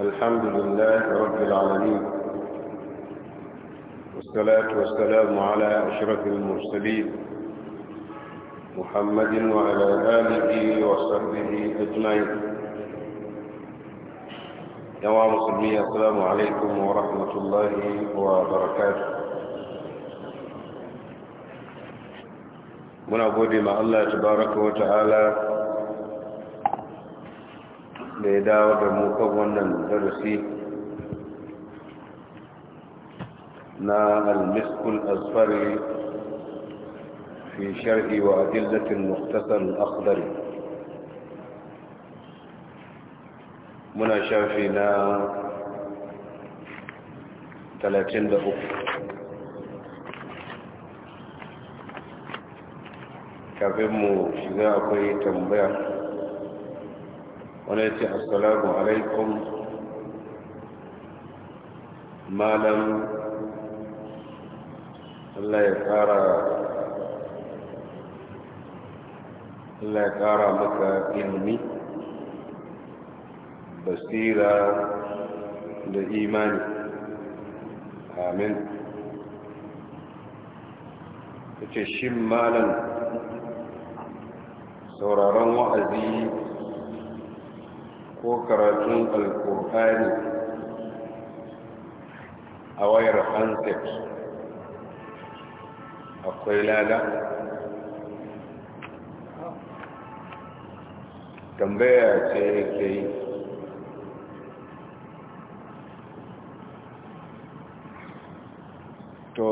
الحمد لله رب العالمين والصلاة والسلام على أشرف المرسلين محمد وعلى آله وصحبه أجمعين يا مسلمين السلام عليكم ورحمة الله وبركاته من أبودي مع الله تبارك وتعالى da ya dawo da mukan wannan darasi na al-miskul asfari fi shar'i wa adillatin muktasar akhdari muna shafi na 33 kafin mu shiga akwai tambaya wani ce assalamu alaikum malam Allah ya kara Allah ya kara maka ilimi basira da imani amin ta ce shi malam sauraron wa'azi ko karatun alkur'ani a wayar handset akwai lada tambaya ce yake yi to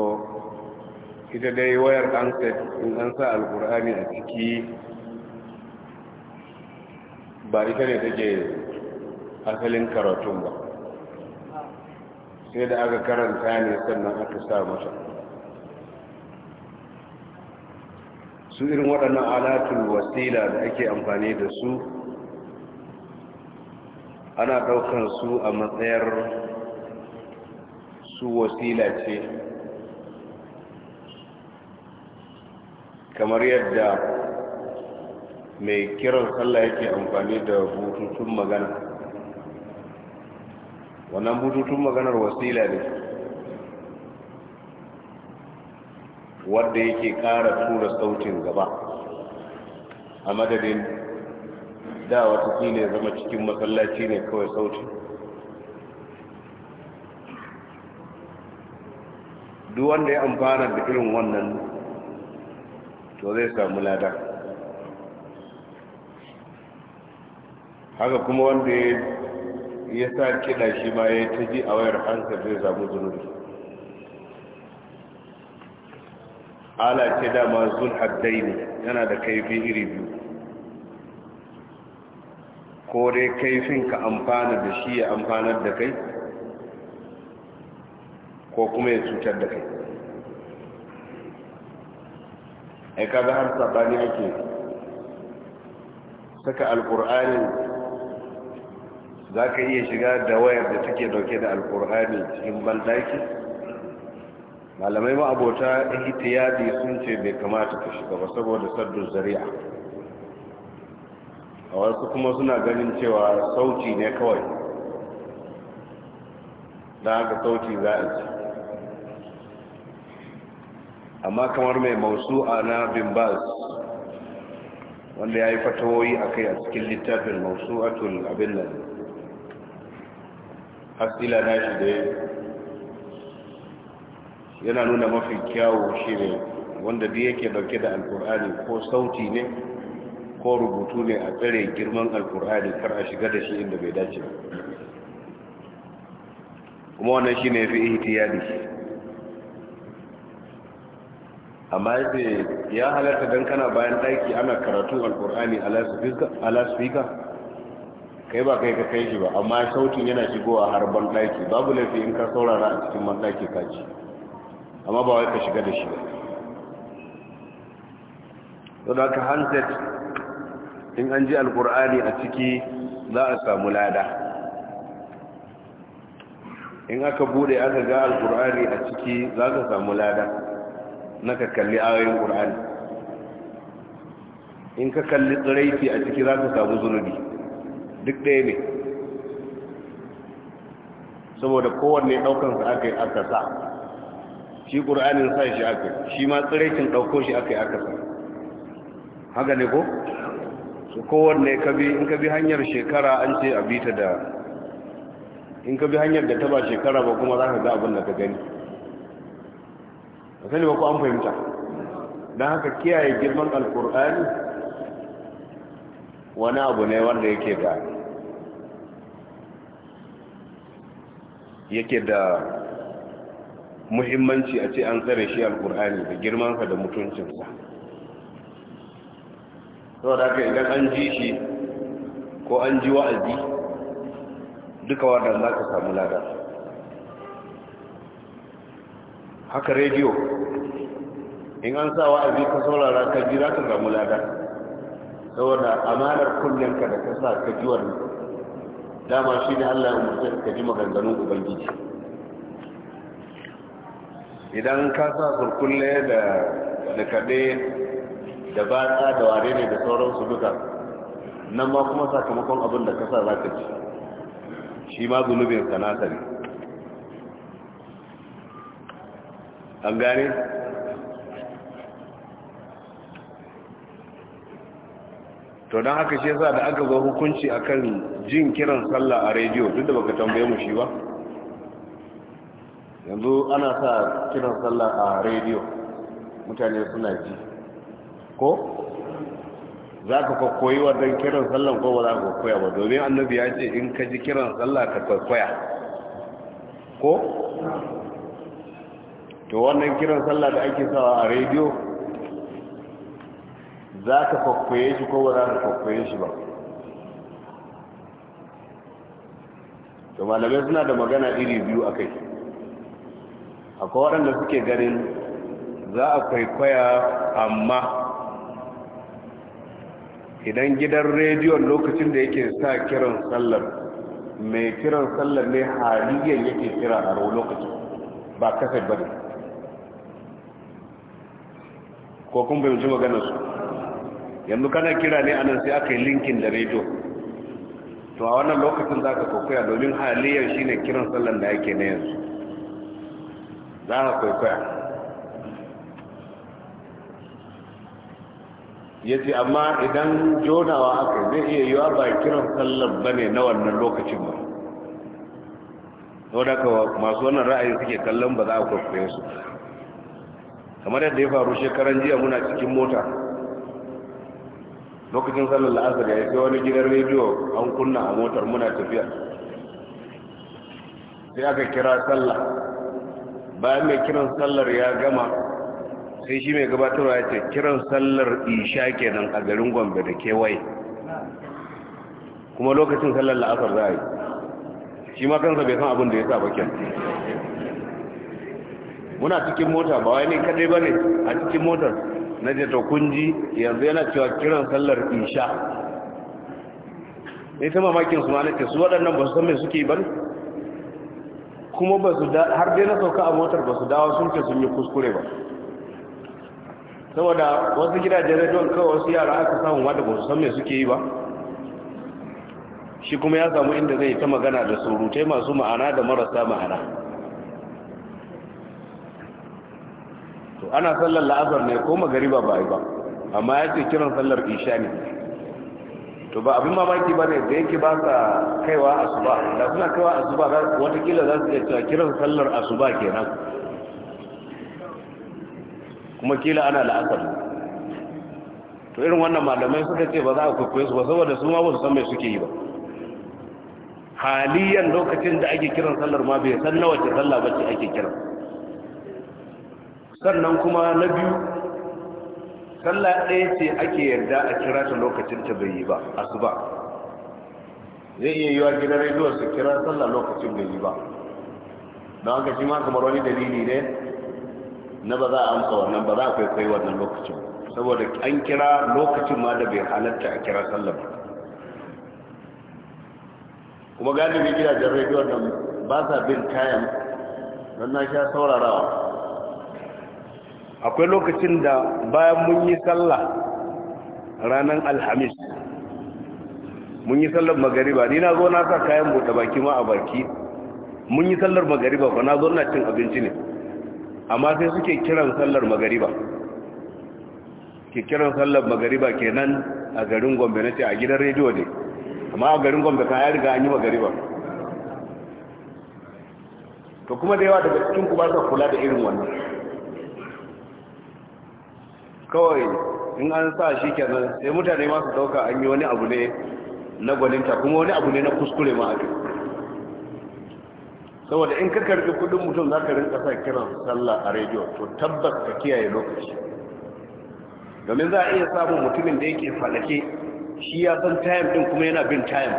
ita dai wayar handset in an sa alkur'ani a ciki ba ita ne take asalin karatun ba sai da aka karanta ne sannan aka sa mata su irin waɗannan alatun wasila da ake amfani da su ana ɗaukar su a matsayar su wasila ce kamar yadda mai kiran sallah yake amfani da bututun magana wannan bututun maganar wasila ne wadda yake ƙara tura sautin gaba a madadin da wata ne zama cikin masallaci ne kawai sautin duk wanda ya amfana da irin wannan to zai samu lada haka kuma wanda ya sa kiɗa shi ma ya ta ji a wayar hankar zai zamu zunubi ala ce dama zun haddai ne yana da kaifin iri biyu ko dai kaifin ka amfana da shi ya amfanar da kai ko kuma ya cutar da kai ai kaga har sabani ake saka alkur'anin za ka iya shiga da wayar da take dauke da alkur'ani cikin baldaki malamai ma ma'abota ihtiyadi sun ce bai kamata ka shiga ba saboda saddu zari'a a wasu kuma suna ganin cewa sauti ne kawai da haka sauti za a ji. amma kamar mai mausu'a na bin wanda ya yi fatawoyi a kai a cikin littafin mausu'atul abin nan asila na shi da yana nuna mafi kyawu shi ne wanda da yake dauke da alkur'ani ko sauti ne ko rubutu ne a tsare girman alkur'ani kar a shiga da shi inda bai dace ba. kuma wannan shi ne fi ihtiyadi amma ya halarta don kana bayan ɗaki ana karatu alkur'ani a lasfika kai ba kai ka kai shi ba amma sautin yana shigowa har ban daki babu laifi in ka saurara a cikin ban daki ka ci amma ba wai ka shiga da shi ba to da ka handset in an ji alqur'ani a ciki za a samu lada in aka bude aka ga alqur'ani a ciki za ka samu lada na ka kalli ayoyin qur'ani in ka kalli tsiraiti a ciki za ka samu zunubi duk ɗaya ne saboda kowanne su aka yi aka sa shi ƙur'anin sa shi aka yi shi ma tsiraikin ɗauko shi aka yi aka sa haka ne ko? su kowanne kabi in kabi hanyar shekara an ce a bita da in kabi hanyar da ta ba shekara ba kuma za ka ga abin da ka gani a sani ba ku an fahimta don haka kiyaye girman alkur'ani wani abu ne wanda yake da yake da muhimmanci a ce an tsare shi Alƙur'ani da girmansa da mutuncinsa sau da haka idan an ji shi ko an ji wa'azi duka waɗanda za ka samu lada haka rediyo in an sa wa'azi ka saurara ka ji za ka samu lada saboda amanar kullum ka da ka sa ka ji wannan dama shi ne Allah ya mutu ka ji maganganun ubangiji idan ka sa surkulle da da kaɗe da batsa da ware ne da sauransu duka nan ma kuma sakamakon abin da ka sa za ka ji shi ma zunubin sanata ne an gane to don haka shi yasa da aka zo hukunci akan jin kiran sallah a rediyo duk da baka tambaye mu shi ba yanzu ana sa kiran sallah a rediyo mutane suna ji ko za ka kwakwoyi wannan kiran sallah ko ba za ka kwakwoya ba domin annabi ya ce in ka ji kiran sallah ka kwakwoya ko to wannan kiran sallah da ake sawa a rediyo za ka kwakwaye shi ko ba za ka kwakwaye shi ba to malamai suna da magana iri biyu a kai akwai waɗanda suke ganin za a kwaikwaya amma idan gidan rediyon lokacin da yake sa kiran sallar mai kiran sallar ne haliyyar yake kira a lokacin ba kasar ba ko kuma bai ji yanzu kana kira ne anan sai aka yi linkin da rediyo to a wannan lokacin za ka kwaikwaya domin haliyar shi ne kiran sallan da yake na yanzu za ka kwaikwaya ya ce amma idan jonawa aka zai iya yiwa ba kiran sallan ba ne na wannan lokacin ba saboda masu wannan ra'ayi suke kallon ba za a kwaikwaye su kamar yadda ya faru shekaran jiya muna cikin mota lokacin sallar la'asar ya sai wani gidan rediyo an kunna a motar muna tafiya sai aka kira sallah bayan mai kiran sallar ya gama sai shi mai gabatarwa ya ce kiran sallar isha kenan a garin gombe da kewaye kuma lokacin sallar la'asar za a yi shi ma kansa bai san abin da ya sa bakin muna cikin mota ba wani kadai ba ne a cikin motar na je to kunji yanzu yana cewa kiran sallar isha ne ta mamakin su ma na ce su waɗannan ba su san me suke ba kuma ba su har dai na sauka a motar ba su dawo sun ce sun yi kuskure ba saboda wasu gidajen rajon kawai wasu yara aka samu wadda ba su san me suke yi ba shi kuma ya samu inda zai ta magana da surutai masu ma'ana da marasa ma'ana ana sallar la'azar ne ko magariba ba yi ba amma ya ce kiran sallar isha ne to ba abin mamaki ba ne da yake ba sa kaiwa asuba da suna kaiwa asuba watakila za su iya cewa kiran sallar asuba kenan kuma kila ana la'asar to irin wannan malamai suka ce ba za a kwaikwayo su ba saboda su ma ba su san mai suke yi ba haliyan lokacin da ake kiran sallar ma bai san na wace sallah bace ake kiran sannan kuma na biyu sallah ɗaya ce ake yarda a kira ta lokacin ta bai yi ba asuba zai iya yiwa gidan rediyon su kira sallah lokacin bai yi ba don haka shi ma kamar wani dalili ne na ba za a amsa wannan ba za a kwaikwayi wannan lokacin saboda an kira lokacin ma da bai halatta a kira sallah ba kuma galibi gidajen rediyon nan ba sa bin kayan don na sha saurarawa akwai lokacin da bayan mun yi sallah ranar alhamis mun yi sallar magariba ni na zo na sa kayan bude baki ma a baki mun yi sallar magariba ba na zo na cin abinci ne amma sai suke kiran sallar magariba ke kiran sallar magariba ke nan a garin gombe na ce a gidan rediyo ne amma a garin gombe ka ya riga an yi magariba to kuma da yawa daga cikin ku ba sa kula da irin wannan kawai in an sa shi kenan sai mutane ma dauka an yi wani abu ne na gwaninta kuma wani abu ne na kuskure ma aka saboda in ka karbi kudin mutum za ka rinka sa kiran sallah a rediyo to tabbas ka kiyaye lokaci domin za a iya samun mutumin da yake falake shi ya san tayam din kuma yana bin tayam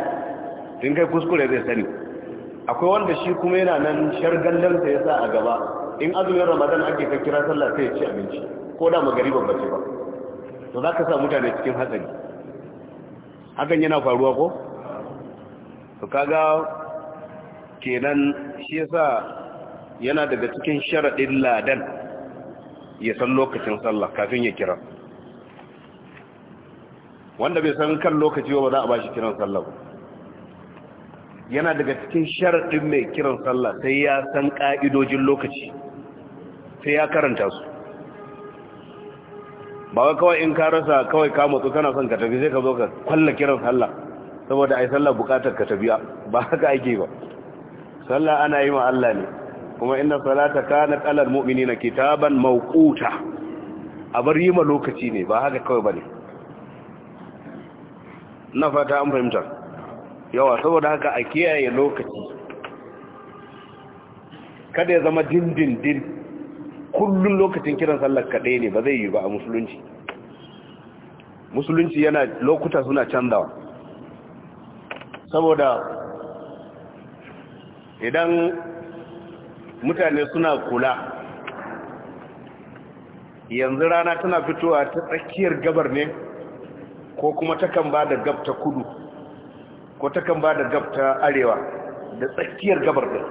din kai kuskure zai sani akwai wanda shi kuma yana nan shargallansa ya sa a gaba in azumin ramadan ake ka kira sallah sai ya ci abinci ko da magariban ce ba to za ka sa mutane cikin hatsari hakan yana faruwa ko to kaga kenan shi yasa yana daga cikin sharaɗin ladan ya san lokacin sallah kafin ya kira wanda bai san kan lokaci ba za a ba shi kiran sallah ba yana daga cikin sharaɗin mai kiran sallah sai ya san ƙa'idojin lokaci sai ya karanta su ba wai kawai in ka rasa kawai ka matsu kana son ka tafi sai ka zo ka kwalla kiran sallah saboda ai sallah bukatar ka tafiya ba haka ake ba sallah ana yi wa Allah ne kuma inna salata kana qalal mu'minina kitaban mawquta a bar yi ma lokaci ne ba haka kawai bane na fata an fahimta yawa saboda haka a kiyaye lokaci kada ya zama dindindin kullum lokacin kiran sallar kaɗai ne ba zai yi ba a musulunci musulunci yana lokuta suna canzawa saboda idan mutane suna kula yanzu rana tana fitowa ta tsakiyar gabar ne ko kuma takan ba da gab kudu ko takan ba da gab arewa da tsakiyar gabar ɗin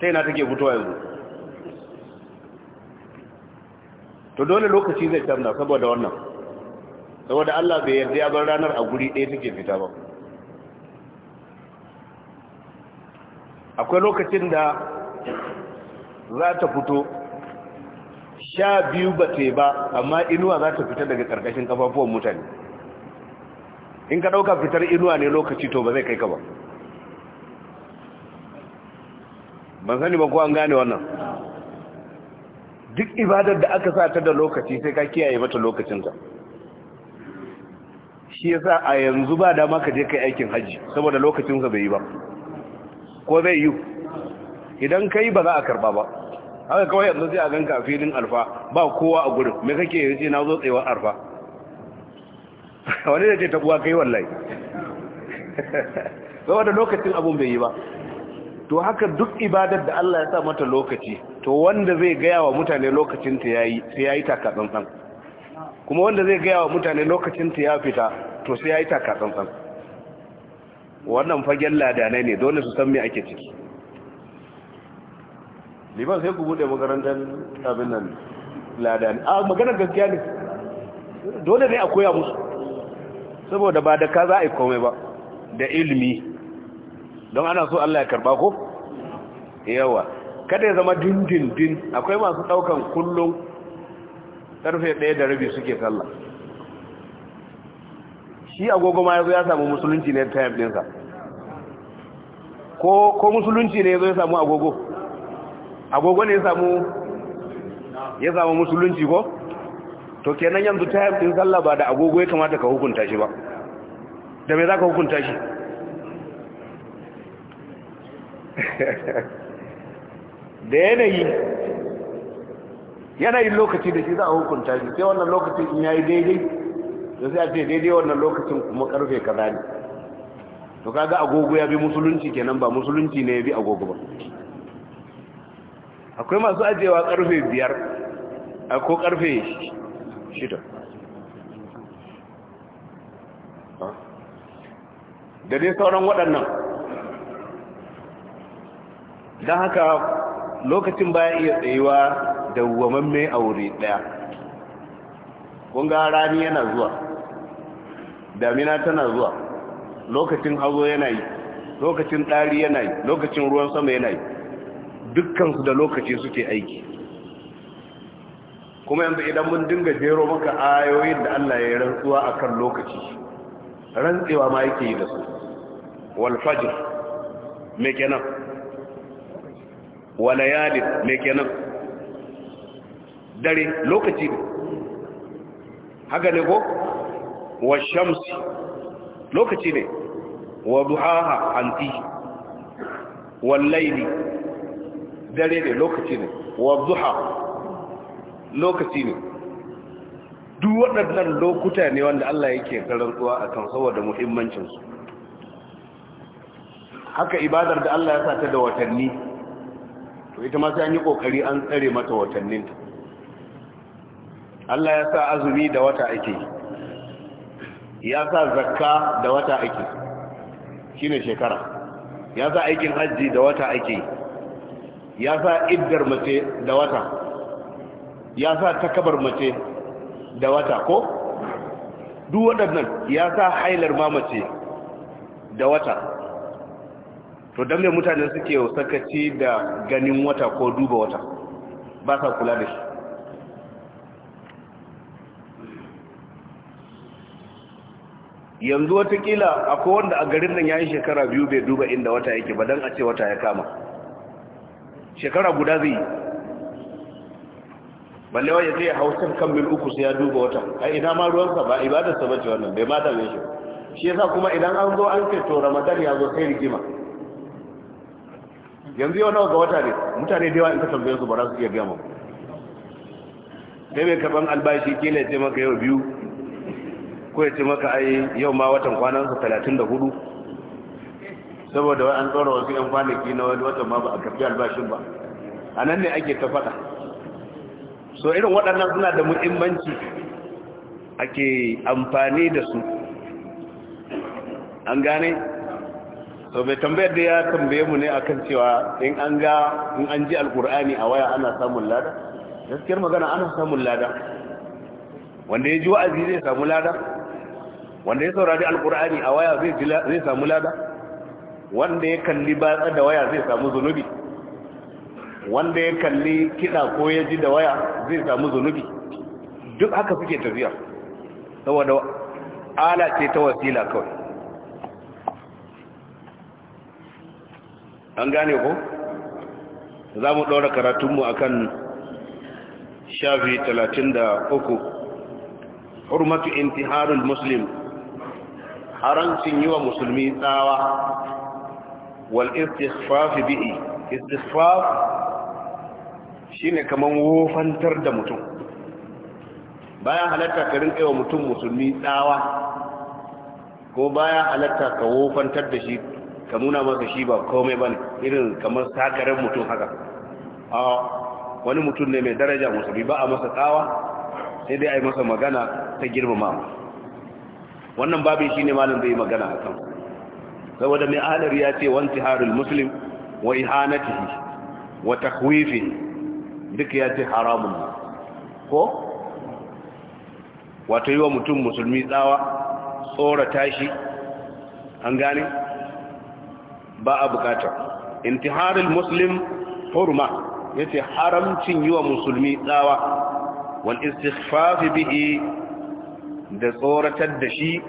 ta yana take fitowa yanzu to dole lokaci zai tamna saboda wannan saboda Allah bai yarda ya bar ranar a guri ɗaya take fita ba akwai lokacin da za ta fito sha biyu ba ta ba amma inuwa za ta fita daga ƙarƙashin kafafuwan mutane in ka ɗauka fitar inuwa ne lokaci to ba zai kai ka ba ban sani ba ko an gane wannan duk ibadar da aka sa ta da lokaci sai ka kiyaye mata lokacinta shi yasa a yanzu ba dama ka je kai aikin haji saboda lokacinsa bai yi ba ko zai yi idan kai ba za a karba ba haka kawai yanzu sai a ganka a filin alfa ba kowa a gurin me kake yi ce na zo tsayuwar alfa wani da ce tabuwa kai wallahi saboda lokacin abun bai yi ba to haka duk ibadar da Allah ya sa mata lokaci to wanda zai gaya wa mutane lokacinta ya yi sai ya yi takatsantsan kuma wanda zai gaya wa mutane lokacinta ya fita to sai ya yi takatsantsan wannan fagen ladana ne dole su san me ake ciki liban sai ku bude makarantar abin nan ladana a maganar gaskiya ne dole ne a koya musu saboda ba da ka za a yi komai ba da ilimi don ana so Allah ya karba ko yawa kada ya zama dindindin akwai masu daukan kullum tarfe 1 da rabi suke sallah shi agogo ma yazo ya samu musulunci ne time sa ko ko musulunci ne yazo ya samu agogo agogo ne ya samu ya samu musulunci ko to kenan yanzu ta din sallah ba da agogo ya kamata ka hukunta shi ba da me za ka hukunta shi da yanayi yanayin lokaci da shi za a hukunta shi sai wannan lokacin in yayi daidai da sai a ce daidai wannan lokacin kuma karfe kaza ne to kaga agogo ya bi musulunci kenan ba musulunci ne ya bi agogo ba akwai masu ajewa karfe biyar ko karfe shida da dai sauran waɗannan don haka lokacin baya iya tsayuwa da mamme a wuri daya kunga rani yana zuwa damina tana zuwa lokacin hazo yana yi lokacin ɗari yana yi lokacin ruwan sama yana yi dukkansu da lokaci suke aiki kuma yanzu idan mun dinga jero maka ayoyin da Allah ya yi rantsuwa a kan lokaci rantsewa ma yake yi da su walfajir me kenan Wala layalin me kenan dare lokaci ne haka ne ko wa shamsi lokaci ne wa duhaha hanti wal laili dare ne lokaci ne wa duha lokaci ne duk waɗannan lokuta ne wanda Allah yake karantsuwa a kan saboda muhimmancinsu haka ibadar da Allah ya sa ta da watanni to ita ma sai an yi kokari an tsare mata watannin Allah ya sa azumi da wata ake ya sa zakka da wata ake shine shekara ya sa aikin hajji da wata ake ya sa iddar mace da wata ya sa takabar mace da wata ko duk waɗannan ya sa hailar mamace da wata to dan me mutane suke sakaci da ganin wata ko duba wata ba sa kula da shi yanzu watakila akwai wanda a garin nan ya yi shekara biyu bai duba inda wata yake ba don a ce wata ya kama shekara guda zai yi balle wani zai hausar kan mil uku sai ya duba wata a ina ma ruwansa ba ibadarsa ba ce wannan bai mata dame shi shi sa kuma idan an zo an ce to ramadan ya zo sai rigima yanzu yau nawa ga wata ne mutane da yawa in ka tambaye su ba za su iya biya sai mai karban albashi kila ya ce maka yau biyu ko ya ce maka ai yau ma watan kwanansa talatin da hudu saboda wai an tsoro wasu yan kwanaki na wani watan ma ba a karfi albashin ba a nan ne ake ta faɗa so irin waɗannan suna da muhimmanci ake amfani da su an gane so mai tambayar da ya tambaye mu ne akan cewa in an ga in an ji alkur'ani a waya ana samun lada gaskiyar magana ana samun lada wanda ya ji wa'azi zai samu lada wanda ya saurari alkur'ani a waya zai samu lada wanda ya kalli batsa da waya zai samu zunubi wanda ya kalli kiɗa ko ya ji da waya zai samu zunubi duk haka suke tafiya saboda ala ce ta wasila kawai an gane ko za mu ɗora karatunmu a kan shafi uku. hurmatu intiharul muslim harancin yi wa musulmi tsawa wal istisfafi bi'i shi shine kamar wofantar da mutum bayan halatta ka rinka wa mutum musulmi tsawa ko bayan halatta ka wofantar da shi ka nuna masa shi ba komai ba irin kamar sakarar mutum haka a wani mutum ne mai daraja musulmi ba a masa tsawa sai dai a yi masa magana ta girmama wannan babin shi ne malin zai magana a kan saboda mai ahalar ya ce wanti harul muslim wa ihanatihi wa takwifin duk ya ce haramun ne ko Wata yi wa mutum musulmi tsawa tsorata shi an gane ba a bukata intiharul muslim hurma yace haramcin yiwa musulmi tsawa wal istighfaf bihi da tsoratar da shi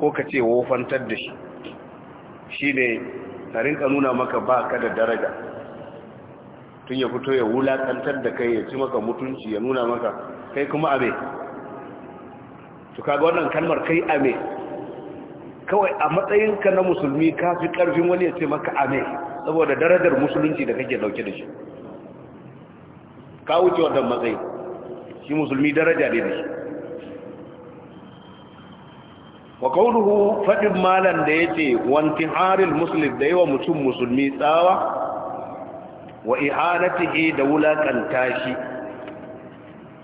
ko kace wofantar da shi shine ka rinka nuna maka ba ka da daraja tun ya fito ya wulakantar da kai ya ci maka mutunci ya nuna maka kai kuma abe to kaga wannan kalmar kai abe kawai a matsayinka na musulmi ka fi ƙarfin wani ya ce maka ame saboda darajar musulunci da kake dauke da shi ka wuce wannan matsayi shi musulmi daraja ne da shi wa kauluhu faɗin malan da ya ce wanti haril musulmi da yawa mutum musulmi tsawa wa ke da wulaƙanta shi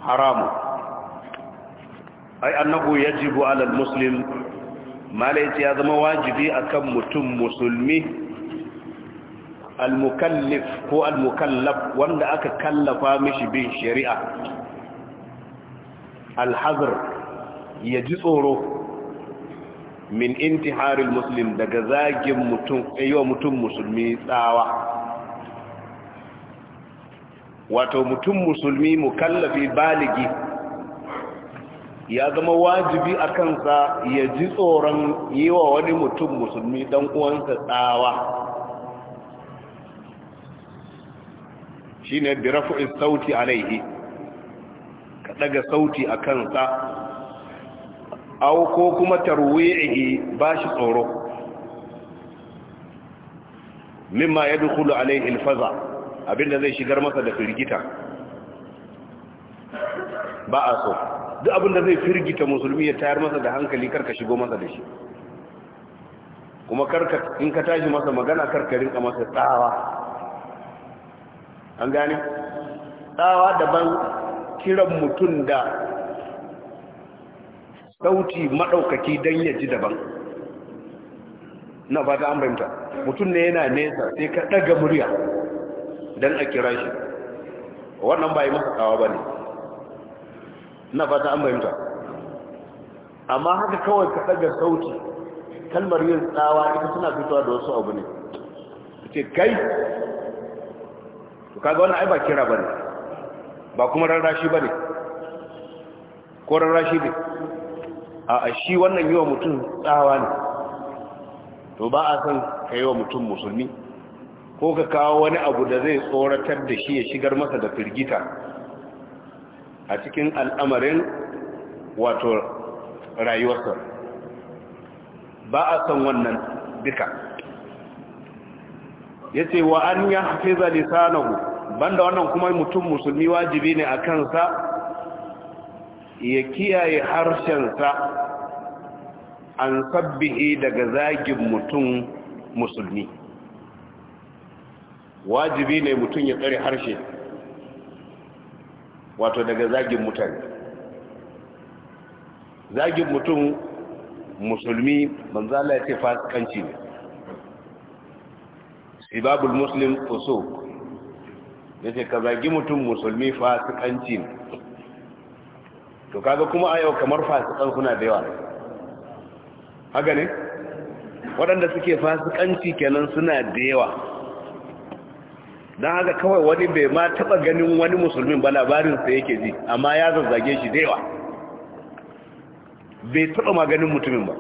haramu ai annahu yajibu alal muslim malaiti ya zama wajibi akan mutum musulmi al-mukallif ko al-mukallaf wanda aka kallafa mishi bin shari'a al-hazr ya ji tsoro min intiharil muslim daga zagin mutum ayyuwa eh, mutum musulmi tsawa wato mutum musulmi mukallafi baligi ya zama wajibi a kansa ya ji tsoron yi wa wani mutum musulmi don uwansa tsawa shi ne birafu in sauti alaihi ka daga sauti a kansa au ko kuma tarwi'ihi ba shi tsoro mimma ya dukulu alaihi alfaza abinda zai shigar masa da firgita ba a so duk abin da zai firgita musulmi ya tayar masa da hankali karka shigo masa da shi kuma karka in ka tashi masa magana karka rinka masa tsawa an gane tsawa daban kiran mutum da sauti maɗaukaki don ya ji daban na ba ta ambanta mutum ne yana nesa sai ka ɗaga murya don a kira shi wannan ba yi masa tsawa ba ne na fata an bayyanta amma haka kawai ka daga sauti kalmar yin tsawa ita suna fitowa da wasu abu ne ce kai to kaga wannan ai ba kira bane ba kuma rarrashi bane ko rarrashi ne a shi wannan yiwa mutum tsawa ne to ba a san ka yiwa mutum musulmi ko ka kawo wani abu da zai tsoratar da shi ya shigar masa da firgita a cikin al'amarin wato rayuwarsa ba a son wannan duka ya ce wa an ya hafiza lisanahu banda wannan kuma mutum musulmi wajibi ne a kansa ya kiyaye harshensa an sabbihi daga zagin mutum musulmi wajibi ne mutum ya tsare harshe wato daga zagin mutane zagin mutum musulmi manzala ya ce fasikanci ne sibabul muslim fusuk ya ce ka zagi mutum musulmi fasikanci ne to kaga kuma a yau kamar fasikan suna da yawa haka ne waɗanda suke fasikanci kenan suna da yawa don haka kawai wani bai ma taɓa ganin wani musulmin ba labarinsa yake ji amma ya zazzage shi da yawa bai taɓa ma ganin mutumin ba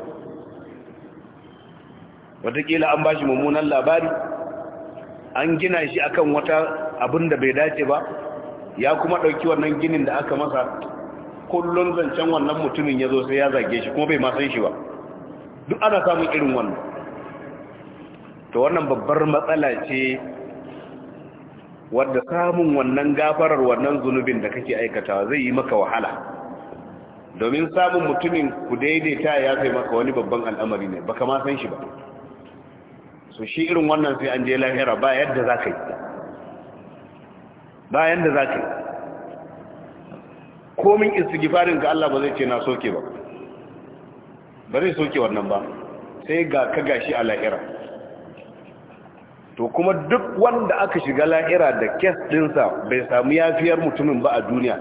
watakila an ba shi mummunan labari an gina shi akan wata abin da bai dace ba ya kuma ɗauki wannan ginin da aka masa kullum zancen wannan mutumin ya zo sai ya zage shi kuma bai ma san shi ba duk ana samun irin wannan to wannan babbar matsala ce wadda samun wannan gafarar wannan zunubin da kake aikatawa zai yi maka wahala domin samun mutumin ku daidaita ya kai maka wani babban al'amari ne baka ma san shi ba so shi irin wannan sai an je lahira ba yadda za ka yi ba yadda za ka yi komin istigifarin ka Allah ba zai ce na soke ba ba zai soke wannan ba sai ga ka gashi a lahira to kuma duk wanda aka shiga lahira da kes dinsa bai samu yafiyar mutumin ba a duniya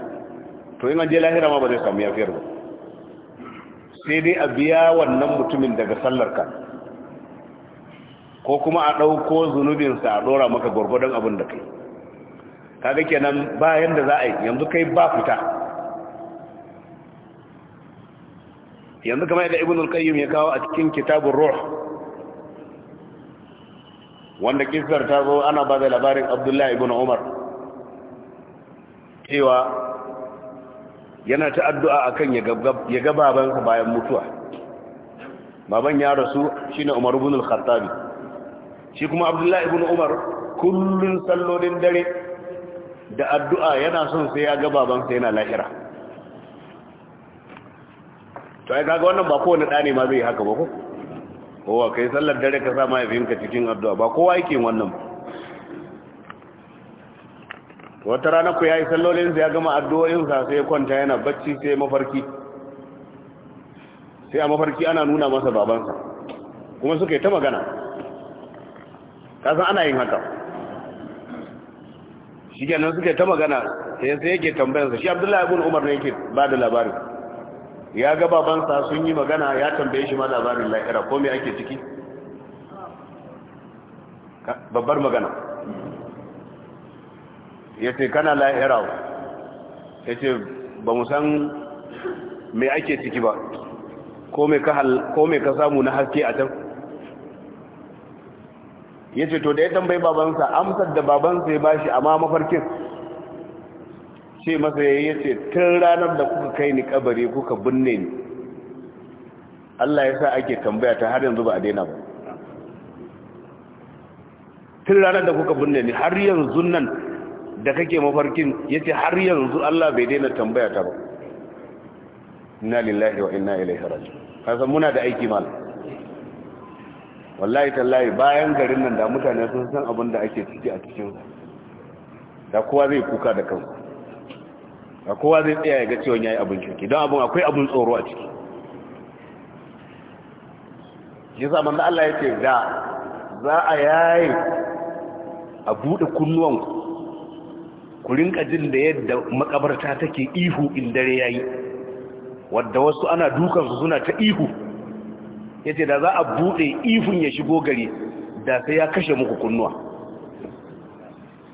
to yin je lahira ma ba zai samu yafiyar ba sai dai a biya wannan mutumin daga sallar ka. ko kuma a ɗauko zunubinsa a ɗora maka gwargwadon abin da kai kaga kenan bayan da za a yi yanzu kai ba fita yanzu kamar yadda ibn al-qayyim ya kawo a cikin kitabun ruh wanda kisar ta zo ana ba da labarin abdullahi ibn umar cewa yana ta addu'a akan ya ga babansa bayan mutuwa baban ya rasu shi ne umar ibn al-khattabi shi kuma abdullahi ibn umar kullum sallolin dare da addu'a yana son sai ya ga babansa yana lahira to ai kaga wannan ba kowane ɗane ma zai haka ba ko kowa kai sallar dare ka sa mahaifinka cikin addu'a ba kowa yake wannan wata rana ku ya yi sallolinsa ya gama addu'o'insa sai kwanta yana bacci sai mafarki sai a mafarki ana nuna masa babansa kuma suka yi ta magana kasan ana yin haka shi kenan suka yi ta magana sai yake tambayarsa shi abdullahi abin umar ne yake ba da labarin ya ga babansa sun yi magana ya tambaye shi ma labarin lahira ko me ake ciki babbar magana ya ce kana lahira ya ce ba mu san me ake ciki ba ko me ka samu na haske a can ya ce to da ya tambayi babansa amsar da babansa ya bashi amma mafarkin ce masa ya ce tun ranar da kuka kai ni kabari kuka binne ni Allah ya sa ake tambaya ta har yanzu ba a daina ba tun ranar da kuka binne ni har yanzu nan da kake mafarkin ya ce har yanzu Allah bai daina tambaya ta ba inna lillahi wa inna ilaihi raji'un kasan muna da aiki mal wallahi tallahi bayan garin nan da mutane sun san abin da ake ciki a cikin da kowa zai kuka da kansu a kowa zai tsaya yaga ga cewa ya yi abin kirki don abin akwai abin tsoro a ciki shi sa manzo Allah ya ce da za a yayi a buɗe kunnuwan ku rinka jin da yadda makabarta take ihu in dare yayi wadda wasu ana dukansu suna ta ihu ya ce da za a buɗe ihun ya shigo gari da sai ya kashe muku kunnuwa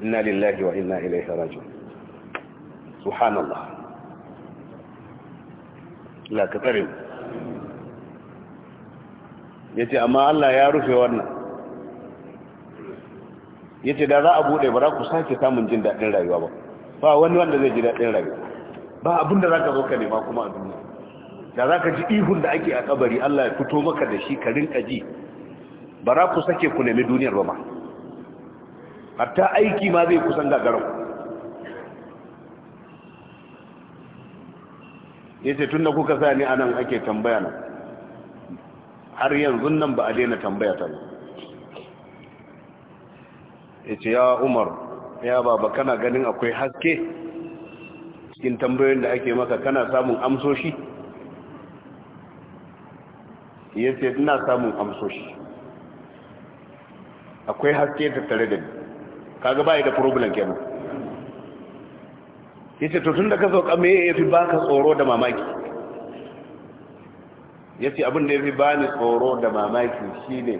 inna lillahi wa inna ilaihi raji'un subhanallah la ka tsare ya ce amma Allah ya rufe wannan ya ce da za a buɗe ba za ku sake samun jin daɗin rayuwa ba ba wani wanda zai ji daɗin rayuwa ba abinda za ka zo ka nema kuma a duniya da za ka ji ihun da ake a kabari Allah ya fito maka da shi ka rinka ji ba za ku sake ku nemi duniyar ba ma hatta aiki ma zai kusan gagarau ya ce tun da kuka sa ni anan ake tambaya na har yanzu nan ba a daina tambaya ta ya ce ya umar ya baba kana ganin akwai haske cikin tambayoyin da ake maka kana samun amsoshi ya ce ina samun amsoshi akwai haske tattare da ni kaga ba da problem kenan ya to tutun da ka sauka me fi baka tsoro da mamaki ya ce abin da ya fi bani tsoro da mamaki shine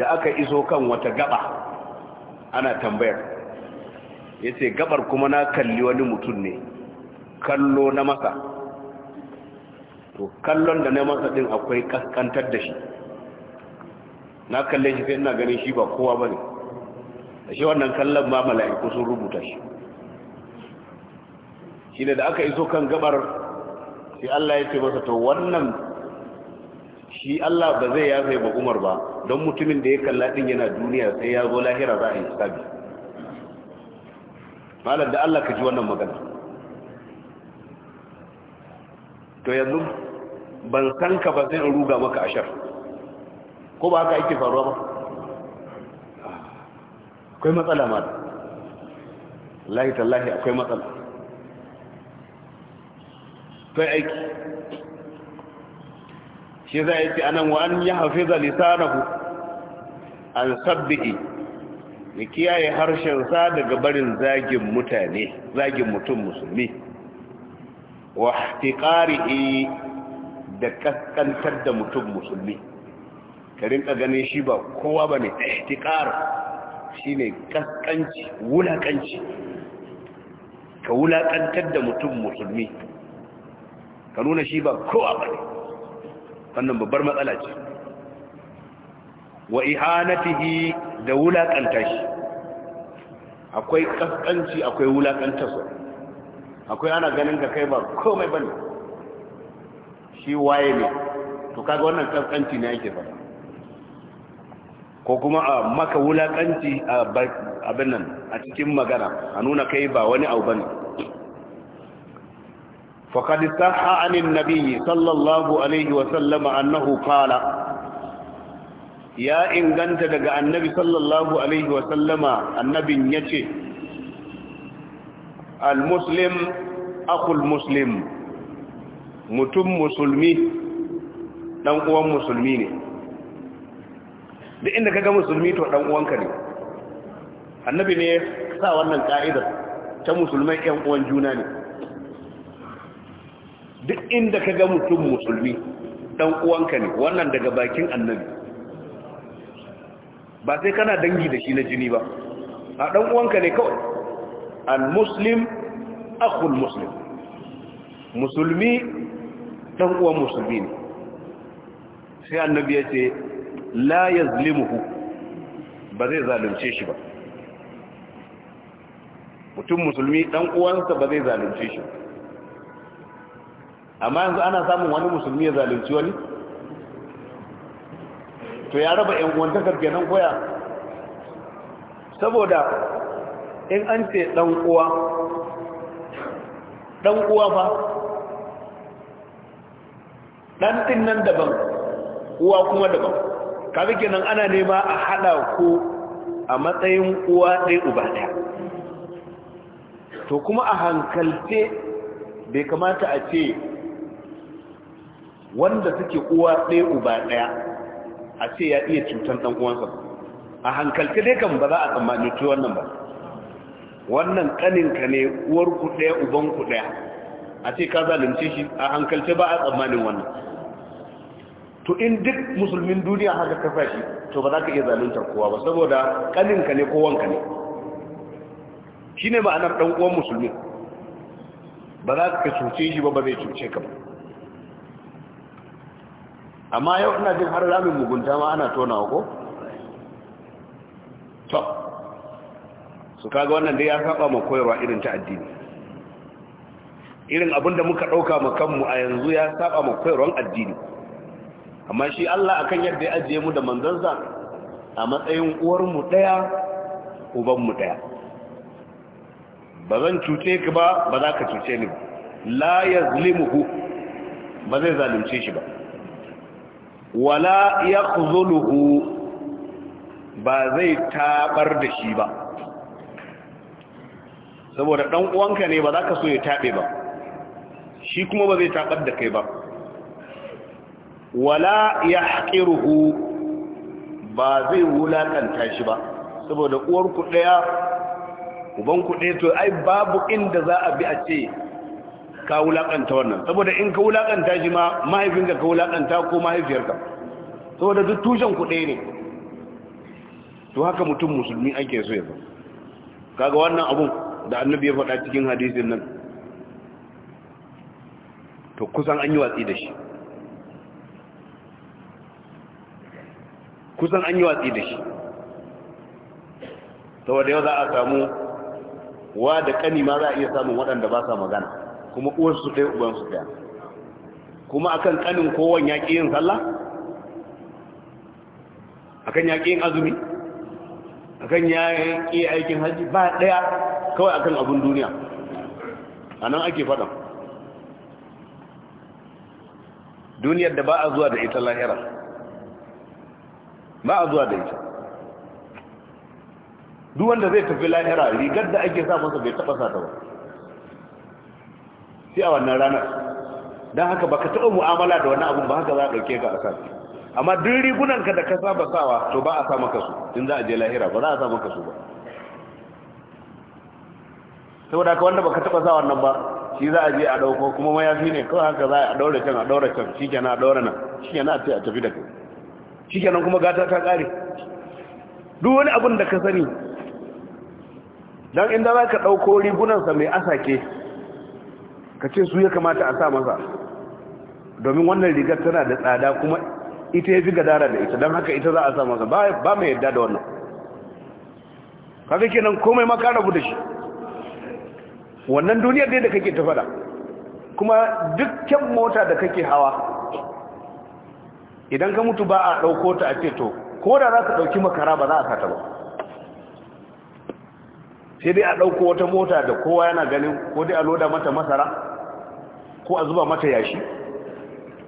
da aka iso kan wata gaba ana tambayar ya ce gabar kuma na kalli wani mutum ne kallo na masa to kallon da na masa din akwai kaskantar da shi na kalle shi sai ina ganin shi ba kowa ba ne da shi wannan kallon ma mala'iku sun rubuta shi shine da aka iso kan gabar sai Allah ya ce masa to wannan shi Allah ba zai yafe ba Umar ba don mutumin da ya kalla din yana duniya sai ya zo lahira za a yi hisabi malam da Allah ka ji wannan magana to yanzu ban san ka ba sai in ruga maka ashar ko ba haka yake faruwa ba akwai matsala ma lahi tallahi akwai matsala aiki shi za a anan wa an yi hafiza lisanahu an sabbi'i da kiyaye harshensa daga barin zagin mutane zagin mutum musulmi wa haƙiƙari'i da ƙasƙantar da mutum musulmi karin ganin shi ba kowa ba ne ihtiƙar shi ne ƙasƙanci wulaƙanci ka wulaƙantar da mutum musulmi ka nuna shi ba kowa ba ne wannan babbar matsala ce wa ihanatihi da wulakanta shi akwai kaskanci akwai wulakanta su akwai ana ganin ka kai ba komai ba ne. shi waye ne to kaga wannan kaskanci ne yake ba ko kuma a maka wulakanci a abin nan a cikin magana a nuna kai ba wani abu bane فقد صح عن النبي صلى الله عليه وسلم أنه قال يا إن كنت دقى النبي صلى الله عليه وسلم النبي يتي المسلم أخو المسلم متم مسلمي ɗan uwan musulmi ne duk inda kaga musulmi to ɗan uwanka ne annabi ne ya sa wannan ka'idar ta musulmai ƴan uwan juna ne duk inda ka ga mutum musulmi dan uwanka ne wannan daga bakin annabi ba sai kana dangi da shi na jini ba a dan uwanka ne kawai al muslim akhul muslim musulmi dan uwan musulmi ne sai annabi ya ce la yazlimuhu ba zai zalunce shi ba mutum musulmi dan uwansa ba zai zalunce shi ba amma yanzu ana samun wani musulmi ya zalunci wani to ya raba yan uwantakar kenan koya saboda in an ce dan uwa dan uwa fa dan din nan daban uwa kuma daban kafi kenan ana nema a hada ku a matsayin uwa ɗaya uba ɗaya to kuma a hankalce bai kamata a ce wanda suke uwa ɗaya uba ɗaya a ce ya iya cutar ɗan uwansa a hankalci dai kan ba za a tsammani ci wannan ba wannan ƙaninka ne uwar ku ɗaya uban ku ɗaya a ce ka zalunce shi a hankalce ba a tsammanin wannan to in duk musulmin duniya haka ka fashi to ba za ka iya zaluntar kowa ba saboda ƙaninka ne ko wanka ne shi ne ma'anar ɗan uwan musulmi ba za ka cuce shi ba ba zai cuce ka ba amma yau ina jin har ramin mugunta ma ana tonawa ko to su kaga wannan dai ya saba ma koyarwa irin ta addini irin abin muka ɗauka ma kanmu a yanzu ya saba ma koyarwan addini amma shi Allah akan yadda ya ajiye mu da manzansa a matsayin uwar uwarmu ɗaya ubanmu ɗaya ba zan cuce ka ba ba za ka cuce ni ba la yazlimuhu ba zai zalunce shi ba wala yakhzuluhu ba zai taɓar da shi ba saboda ɗan uwanka ne ba za ka so ya taɓe ba shi kuma ba zai tabar da kai ba wala yahqiruhu ba zai wulakanta shi ba saboda uwarku daya ku ɗaya to ai babu inda za a bi a ce ka wulakanta wannan saboda in ka wulakanta shi ma mahaifinka ka wulakanta ko mahaifiyarka saboda duk tushen ku ɗaya ne to haka mutum musulmi ake so ya zo kaga wannan abun da annabi ya faɗa cikin hadisin nan to kusan an yi watsi da shi kusan an yi watsi da shi saboda yau za a samu wa da kani ma za a iya samun waɗanda ba sa magana kuma uwarsu ɗaya ubansu ɗaya kuma akan kanin kowan yaƙi yin sallah akan yaƙi yin azumi akan yaƙi aikin hajji ba ɗaya kawai akan abin duniya a nan ake faɗan duniyar da ba a zuwa da ita lahira ba a zuwa da ita duk wanda zai tafi lahira rigar da ake sa masa bai taɓa sa ta ba sai a wannan ranar don haka ba ka taɓa mu'amala da wani abin ba haka za a ɗauke ka a sa amma duk rigunanka da ka saba sawa to ba a sa maka su in za a je lahira ba za a sa maka su ba saboda ka wanda ba ka taɓa sa wannan ba shi za a je a ɗauko kuma mayafi ne kawai haka za a ɗaure can a ɗaure can shi kenan a ɗaure nan shi kenan a ce a tafi da kai shi kenan kuma gata ta ƙare duk wani abin da ka sani don inda za ka ɗauko rigunansa mai asake ka ce su ya kamata a sa masa domin wannan rigar tana da tsada kuma ita ya fi gadara da ita don haka ita za a sa masa ba mai yadda da wannan kaga kenan komai ma ka rabu da shi wannan duniyar dai da kake ta fada kuma dukkan mota da kake hawa idan ka mutu ba a ɗauko ta a ce to ko da za ka ɗauki makara ba za a sata ba sai dai a ɗauko wata mota da kowa yana ganin ko dai a loda mata masara ko a zuba mata yashi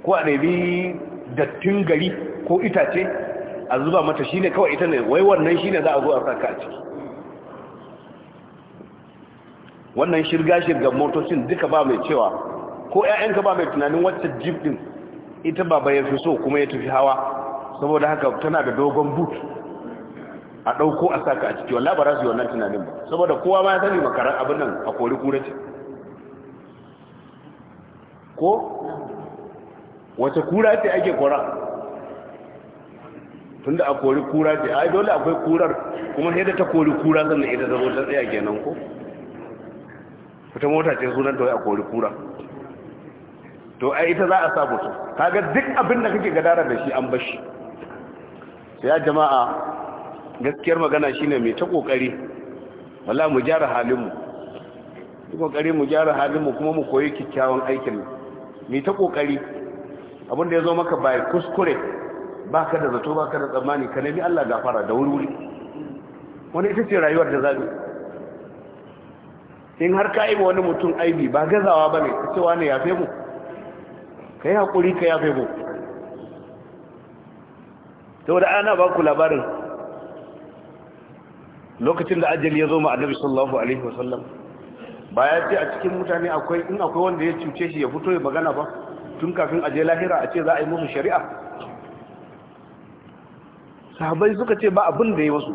ko a ɗabi dattin gari ko itace a zuba mata shi ne kawai ita ne wai wannan shi ne za a zo a saka a ciki wannan shirga shirga motocin duka ba mai cewa ko 'ya'yanka ba mai tunanin wacce jeep din ita baba ya fi so kuma ya tafi hawa saboda haka tana da dogon boot a ɗauko a saka a ciki wallah ba za su yi wannan tunanin ba saboda kowa ma ya sani makarar abin nan a kori kura ce ko wace kura ce ake kora tunda a kori kura ce ai dole akwai kurar kuma sai da ta kori kura sannan ita ta ta tsaya kenan ko wata mota ce sunan ta wai a kori kura to ai ita za a sa mutu kaga duk abin da kake gadara da shi an bashi sai ya jama'a gaskiyar magana shine mai ta kokari wala mu gyara halin mu kokari mu gyara halin mu kuma mu koyi kikkiawan aikin mu mai ta kokari abinda ya zo maka bai kuskure ba ka da zato ba ka da tsammani ka nemi allah gafara da wuri wani ita ce rayuwar da zaɓi in har ka aiba wani mutum aibi ba gazawa ba ne ka ce wani yafe mu ka yi haƙuri ka yafe mu ta saboda ana ba ku labarin lokacin da ajiyar ya zo ma annabi sallallahu alaihi wasallam ba ya ce a cikin mutane akwai in akwai wanda ya cuce shi ya fito ya magana ba tun kafin a je lahira a ce za a yi musu shari'a sahabbai suka ce ba abin da ya wasu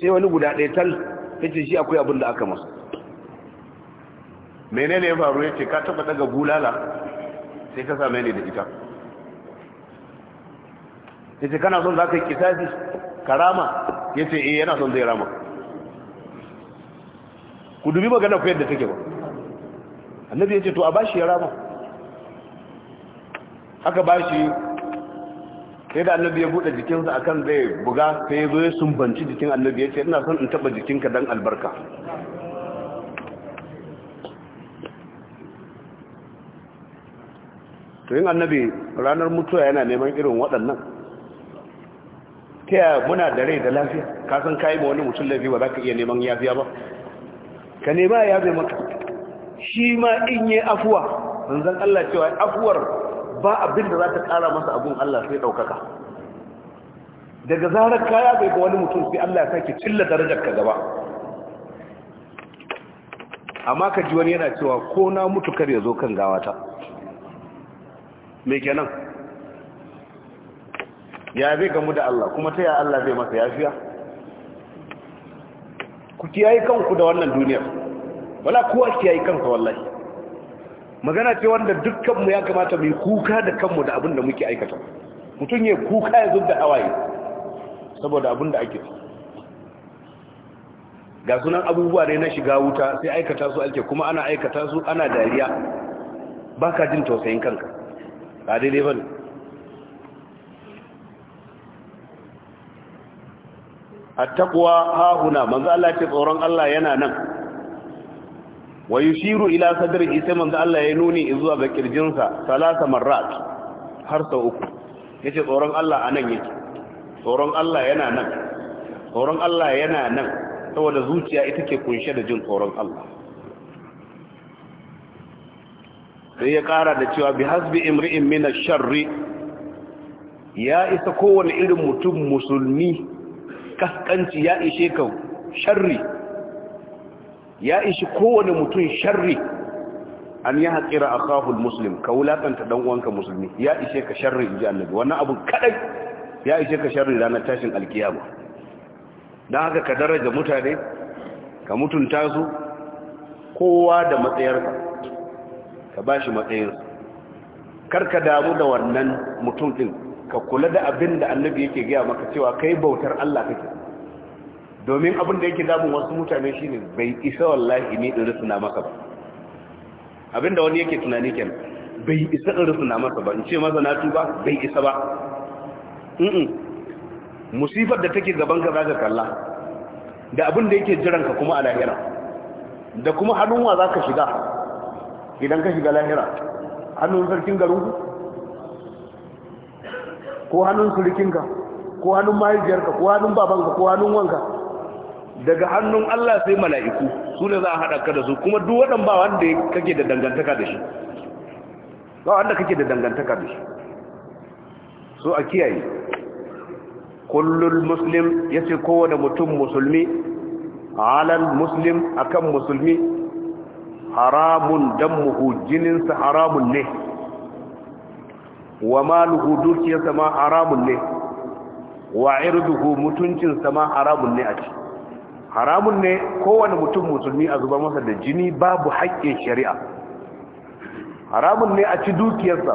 sai wani guda ɗaya tal ya ce shi akwai abin da aka masu menene ya faru ya ce ka taɓa daga bulala sai ka same ni da ita ya ce kana son za ka yi kisasi karama ya ce eh yana son zai rama ku dubi magana ku yadda take ba annabi ya ce to a bashi ya rama aka bashi sai da annabi ya buɗe jikinsa akan zai buga sai ya zo ya sumbanci jikin annabi ya ce ina son in taɓa jikinka dan albarka to yin annabi ranar mutuwa yana neman irin waɗannan ta yaya muna da rai da lafiya kasan kayi ma wani mutum laifi ba za ka iya neman yafiya ba ka nema ya bai maka shi ma in yi afuwa manzan Allah cewa afuwar ba abin da za ta kara masa abun Allah sai ɗaukaka daga zarar kaya bai ga wani mutum sai Allah ya sake cilla darajar ka gaba amma ka ji wani yana cewa ko na mutu kar ya zo kan gawata me kenan ya zai gamu da Allah kuma ta ya Allah zai masa yafiya ku kiyaye kanku da wannan duniyar wala kowa kiyaye kansa wallahi magana ce wanda dukkanmu ya kamata mu kuka da kanmu da abin da muke aikata mutum ya kuka ya zub da hawaye saboda abin da ake ga sunan abubuwa ne na shiga wuta sai aikata su alke kuma ana aikata su ana dariya baka jin tausayin kanka ba daidai ba ne attaqwa hahuna manzo Allah ce tsoron Allah yana nan wa yushiru ila sadrihi sai manzo Allah ya nuni zuwa ga kirjinsa salasa marrat har sau uku yace tsoron Allah anan yake tsoron Allah yana nan tsoron Allah yana nan saboda zuciya ita ke kunshe da jin tsoron Allah sai ya kara da cewa bi hasbi imri'in min ash-sharri ya isa kowane irin mutum musulmi kaskanci ya ishe ka sharri ya ishi kowane mutum sharri an yi haƙira a kahul musulun ka wulaƙanta ɗan uwanka musulmi ya ishe ka sharri in ji annabi wannan abu kaɗai ya ishe ka sharri ranar tashin alkiyama don haka ka daraja mutane ka mutunta su kowa da matsayarsa ka ba shi matsayinsu. kar ka damu da wannan mutum ɗin ka kula da abin da annabi yake gaya maka cewa kai bautar Allah kake domin abin da yake damun wasu mutane shine bai isa wallahi ni in rusuna maka ba abin da wani yake tunani kenan bai isa in rusuna maka ba in ce maza na tuba bai isa ba mm musifar da take gaban ka zaka kalla da abin da yake jiran ka kuma a lahira da kuma hannun wa zaka shiga idan ka shiga lahira hannun sarkin garin ku ko hannun surikinka ko hannun mahaifiyarka ko hannun babanka ko hannun wanka daga hannun Allah sai mala'iku su ne za a haɗa ka da su kuma duk waɗan ba wanda kake da dangantaka da shi ba wanda kake da dangantaka da shi so a kiyaye kullul muslim ya ce kowane mutum musulmi halal muslim akan musulmi haramun dan jininsa haramun ne wa maluhu dukiyarsa ma haramun ne wa irduhu mutuncinsa ma haramun ne a ci haramun ne kowane mutum musulmi a zuba masa da jini babu haƙƙin shari'a haramun ne a ci dukiyarsa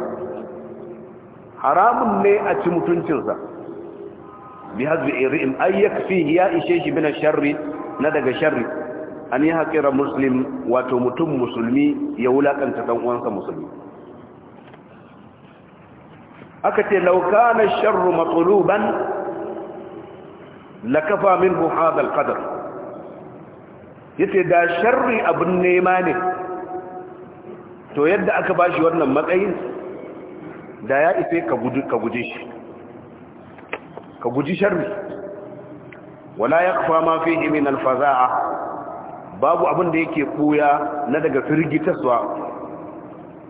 haramun ne a ci mutuncinsa bi hazu irin ayyaka fi ya ishe shi min sharri na daga sharri an yi haƙira musulmi wato mutum musulmi ya wulaƙanta ɗan'uwansa musulmi aka ce laukana sharru kafa lakafa minhu hadha Ya yace da sharri abin nema ne to yadda aka bashi wannan matsayin da ya ife ka guji shi ka guji sharri wala kafa ma fihi min alfaza'a babu abin da yake koya na daga firgitaswa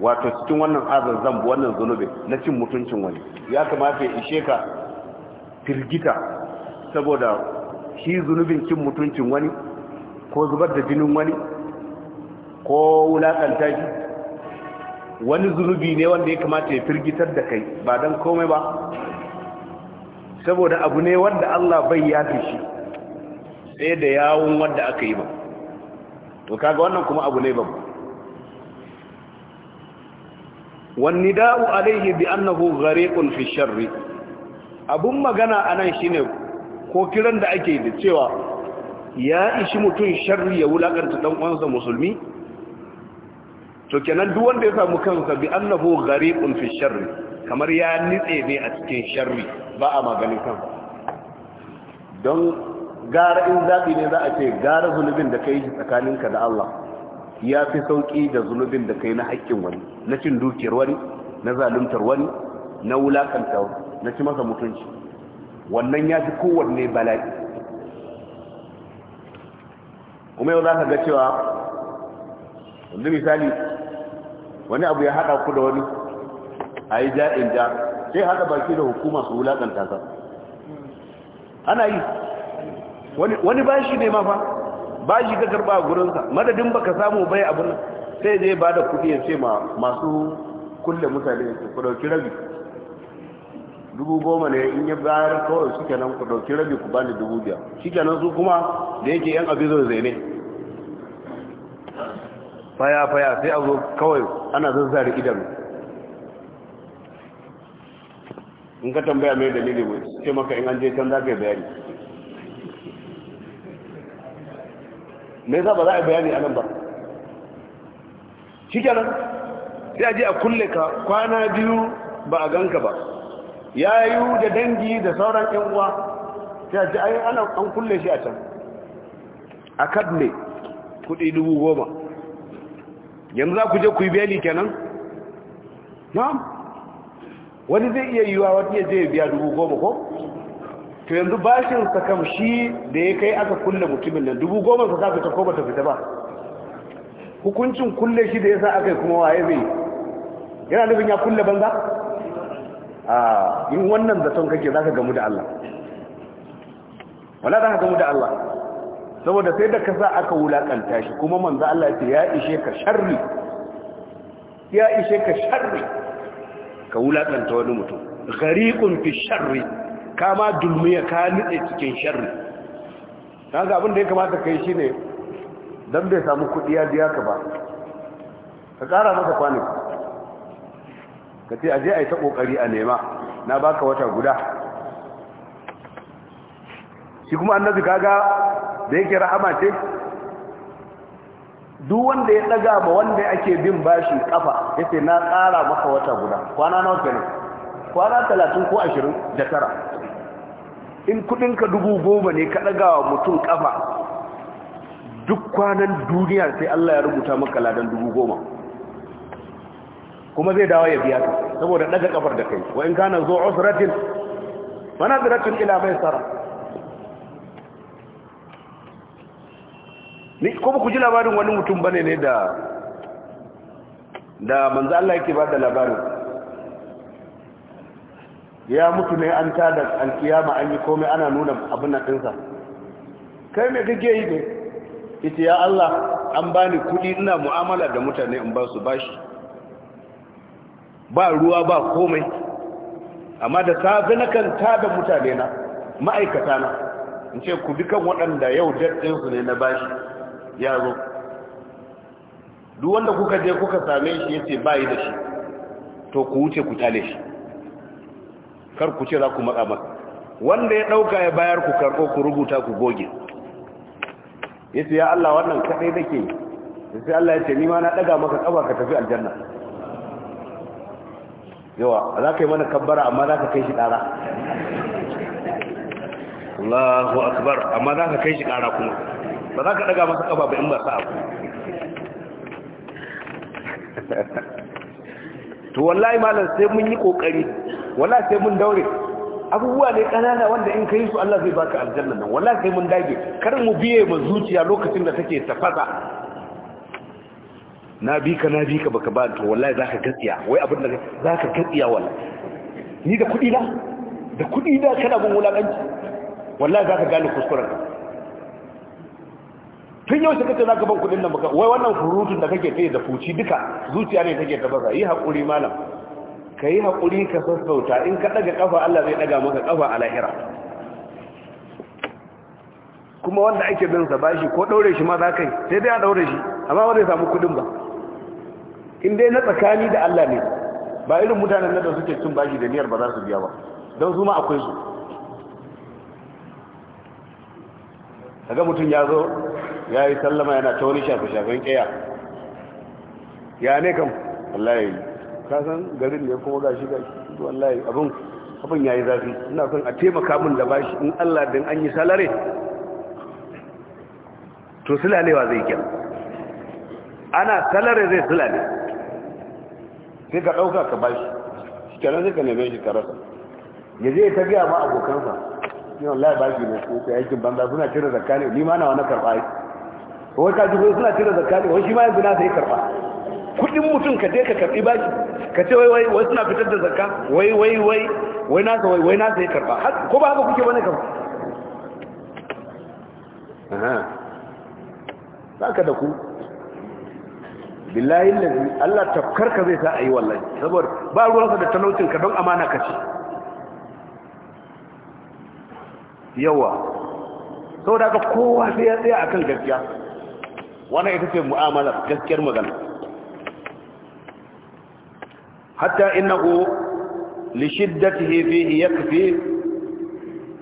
wato cikin wannan azan zambu wannan zunubin na cin mutuncin wani ya kamata ya ishe ka firgita saboda shi zunubin cin mutuncin wani ko zubar da jinin wani ko wulaƙanta shi wani zunubi ne wanda ya kamata ya firgitar da kai ba don komai ba saboda abu ne wanda Allah bai fi shi sai da yawon wanda aka yi ba to kaga wannan kuma abu ne babu wannida'u alaihi bi annahu ghariqun fi sharri abun magana anan shine ko kiran da ake da cewa ya ishi mutum sharri ya wulakanta dan uwansa musulmi to kenan duk wanda ya samu kansa bi annahu ghariqun fi sharri kamar ya nitse ne a cikin sharri ba a maganin kansa don gara in zabi ne za a ce gara zulubin da kai tsakaninka da Allah ya fi sauƙi da zunubin da kai na haƙƙin wani na cin dukiyar wani na zaluntar wani na wulaƙanta wani na ci masa mutunci wannan ya fi kowanne bala'i kuma yau za ka ga cewa wanda misali wani abu ya haɗa ku da wani a yi ja'in ja sai haɗa baki da hukuma su wulaƙanta sa ana yi wani bashi ne mafa ba shi ka karba a gurinsa madadin baka samu bai abin sai zai ba da kuɗi ya ce ma masu kulle mutane su ku ɗauki rabi dubu goma ne in ya bayar kawai shi kenan ku ɗauki rabi ku bani dubu biya shi kenan su kuma da yake yan abizo zai ne faya faya sai a zo kawai ana zazzare idanu in ka tambaya mai dalili mai ce maka in an je can za ka yi bayani me yasa ba za a bayani a nan ba shi kenan sai a je a kulle ka kwana biyu ba a ganka ba ya yi da dangi da sauran yan uwa sai a ce ai ana an kulle shi a can a kadne kudi dubu goma yanzu za ku je ku yi beli kenan na'am wani zai iya yiwa wani ya je biya dubu goma ko to yanzu bashin sa kam shi da ya kai aka kulle mutumin nan dubu goma sa ta fita ko bata fita ba hukuncin kulle shi da ya sa aka yi kuma waye zai yana nufin ya kulle banza a in wannan zaton kake ka gamu da Allah wala za ka gamu da Allah saboda sai da kasa aka wulakanta shi kuma manzo Allah ya ce ya ishe ka sharri ya ishe ka sharri ka wulakanta wani mutum ghariqun fi sharri kama ya ka nitse cikin sharri kaga abin da ya kamata kai shine dan bai samu kudi ya biya ka ba ka kara masa kwanin. ka ce aje a yi ta kokari a nema na baka wata guda shi kuma annabi kaga da yake rahama ce duk wanda ya daga ma wanda ake bin bashi kafa yace na kara maka wata guda kwana nawa kenan kwana talatin ko ashirin da tara in kudinka dubu goma ne ka ɗaga wa mutum ƙafa duk kwanan duniya sai Allah ya rubuta maka ladan dubu goma kuma zai dawo ya biya ta saboda ɗaga ƙafar da kai wa in kana zo usratin mana ziratin ila mai tsara ni kuma ku ji labarin wani mutum bane ne da da manzo Allah yake ba da labarin ya mutu ne an tada alkiyama an yi komai ana nuna abin na ɗinsa kai mai kake yi ne ita ya Allah an bani kuɗi ina mu'amala da mutane in ba su bashi ba ruwa ba komai amma da safe na kan tada mutane na ma'aikata na in ce ku bi kan waɗanda yau jaddinsu ne na bashi ya zo duk wanda kuka je kuka same shi yace ce bayi da shi to ku wuce ku tale shi kar ku ce za ku matsa masa wanda ya ɗauka ya bayar ku karɓo ku rubuta ku goge ya ce ya Allah wannan kaɗai da ke da sai Allah ya ce nima na ɗaga maka ƙaba ka tafi aljanna yawa za ka yi mana kabbara amma za ka kai shi ƙara Allahu akbar amma za ka kai shi ƙara kuma ba za ka ɗaga masa ƙaba ba in ba sa'a to wallahi malam sai mun yi ƙoƙari wala sai mun daure abubuwa ne kanana wanda in ka yi su Allah zai baka aljanna nan wala sai mun dage kar mu biye mu zuciya lokacin da take tafasa na bi ka na bi ka baka ba to wallahi zaka gatsiya wai abin da zaka gatsiya wallahi ni da kudi na da kudi da kana bin wulakanci wallahi zaka gane kuskuren ka tun yau sai kace zaka ban kudin nan baka wai wannan furutun da kake tayi da fuci duka zuciya ne take tafasa yi hakuri malam ka yi haƙuri ka sassauta in ka ɗaga ƙafa Allah zai ɗaga maka ƙafa a lahira kuma wanda ake bin sa bashi ko ɗaure shi ma za ka yi sai dai a ɗaure shi amma wanda ya samu kuɗin ba in dai na tsakani da Allah ne ba irin mutanen nan da suke cin bashi da niyyar ba za su biya ba don su ma akwai su kaga mutum ya zo ya yi sallama yana ta wani shafe-shafen ƙeya ya ne kam ya yi. ka san garin ne kuma gashi gashi wallahi abin abin yayi zafi ina son a taimaka min da bashi in Allah din an yi salare to sulalewa zai kyan ana salare zai sulale sai ka ɗauka ka bashi shi kenan zai ka neme shi ka rasa ya je ta gaya ma abokansa yi wallahi bashi ne ko ka yakin banza suna cire zakka ne ni ma na wani karɓa yi wai ka ji suna cire zakka ne wai shi ma yanzu na sai karɓa kudin mutum ka je ka karbi baki, ka ce wai wai wai suna fitar da zakka wai wai wai wai nasa wai wai nasa ya karba ko ba haka kuke bane kam aha saka da ku billahi allazi Allah tafkar ka zai sa ayi wallahi saboda ba ruwanka da talaucin ka don amana ka ce yawa saboda ka kowa sai ya tsaya akan gaskiya wannan ita ce mu'amala, gaskiyar magana hatta innahu li shiddatihi fihi yakfi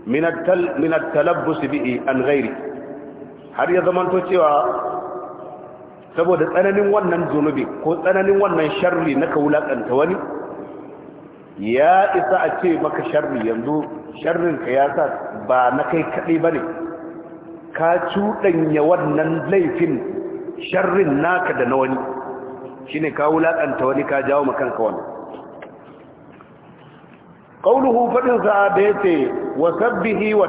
min at-tal min at-talabbus har ya zamanto cewa saboda tsananin wannan zunubi ko tsananin wannan sharri na ka wulaƙanta wani ya isa a ce maka sharri yanzu sharrin ka ya sa ba na kai kaɗai ba ne ka cuɗanya wannan laifin sharrin naka da na wani shine ka wulakanta wani ka jawo maka kanka wannan qauluhu fadin sa da wa sabbihi wa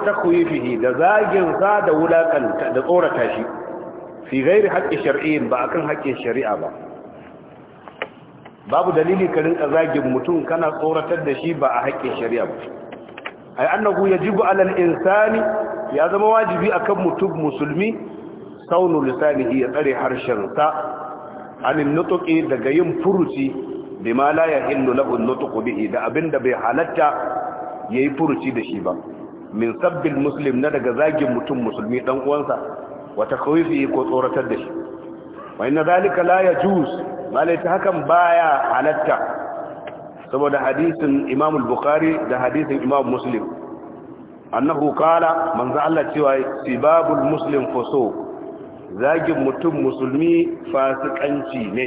da zaginsa da wulaƙanta da tsorata shi fi ghairi haqqi shar'iyyin ba akan haƙƙin shari'a ba babu dalili ka rinka zagin mutum kana tsoratar da shi ba a haƙƙin shari'a ba ai annahu yajibu alal insani ya zama wajibi akan mutum musulmi saunu lisanihi ya tsare harshen sa anin nutuki daga yin furuci bima la yahillu lahu nutuku bihi da abinda bai halatta yayi furuci da shi ba min sabbil muslim na daga zagin mutum musulmi dan uwansa wa takwifi ko tsoratar da shi wa inna zalika la yajuz ta hakan baya halatta saboda hadisin imam al-bukhari da hadisin imam muslim annahu qala manzo Allah cewa sibabul muslim fusuq zagin mutum musulmi fasikanci ne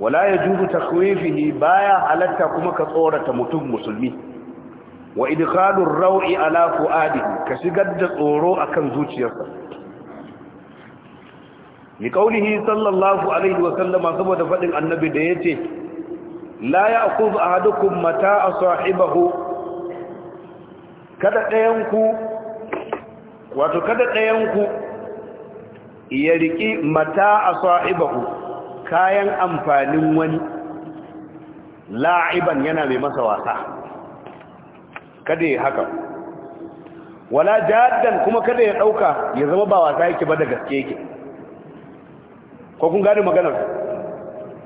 wala ya yajuzu takhwifihi baya halatta kuma ka tsorata mutum musulmi wa idkhalur rau'i ala fuadihi ka shigar da tsoro akan zuciyarsa Ni qawlihi sallallahu alaihi wa sallama saboda fadin annabi da yace la ya'khudhu ahadukum mata'a sahibahu kada dayanku wato kada dayanku ya riƙi mata a sa'ibahu kayan amfanin wani la'iban yana mai masa wasa kada ya haka wala jaddan kuma kada ya ɗauka ya zama ba wasa yake ba da gaske yake ko kun gane maganar